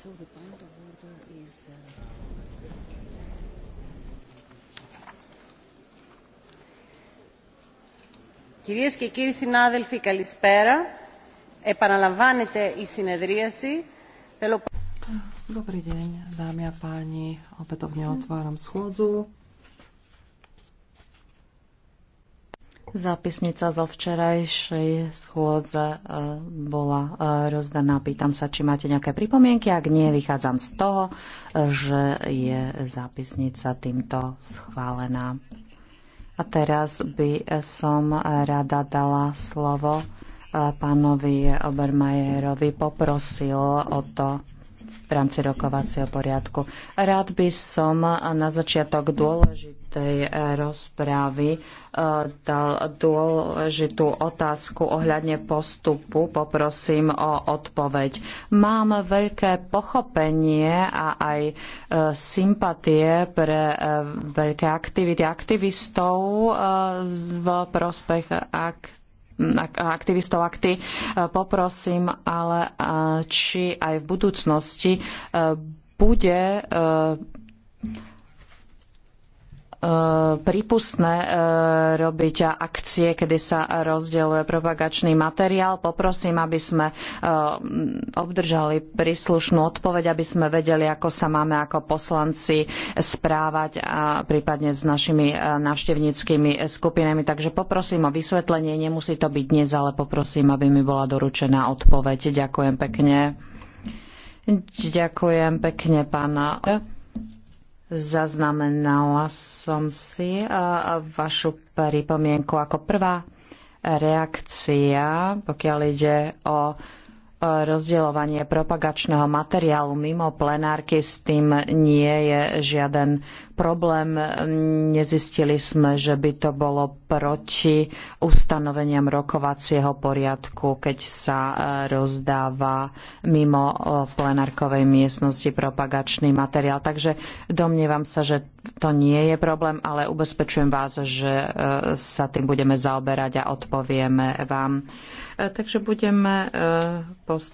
So the point of order is. Κυρίες και κύριοι συνάδελφοι, καλησπέρα. Επαναλαμβάνεται η συνεδρίαση. Θέλω... Dobrý deň, dámy a páni. Opätovne otváram schôdzu. Zápisnica zo včerajšej schôdze e, bola e, rozdaná. Pýtam sa, či máte nejaké pripomienky. Ak nie, vychádzam z toho, e, že je zápisnica týmto schválená. A teraz by som rada dala slovo pánovi Obermajerovi. Poprosil o to, v rámci rokovacieho poriadku. Rád by som na začiatok dôležitej rozprávy e, dal dôležitú otázku ohľadne postupu. Poprosím o odpoveď. Mám veľké pochopenie a aj e, sympatie pre e, veľké aktivity aktivistov v prospech aktivistov aktivistov akty poprosím ale či aj v budúcnosti eh, bude eh, prípustné e, robiť akcie, kedy sa rozdeľuje propagačný materiál. Poprosím, aby sme e, obdržali príslušnú odpoveď, aby sme vedeli, ako sa máme ako poslanci správať a prípadne s našimi e, návštevníckými skupinami. Takže poprosím o vysvetlenie, nemusí to byť dnes, ale poprosím, aby mi bola doručená odpoveď. Ďakujem pekne. Ďakujem pekne, pána. Zaznamenala som si e, vašu pripomienku ako prvá reakcia, pokiaľ ide o rozdeľovanie propagačného materiálu mimo plenárky, s tým nie je žiaden problém. Nezistili sme, že by to bolo proti ustanoveniam rokovacieho poriadku, keď sa e, rozdáva mimo e, plenárkovej miestnosti propagačný materiál. Takže domnievam sa, že to nie je problém, ale ubezpečujem vás, že e, sa tým budeme zaoberať a odpovieme vám. E, takže budeme e, postupovať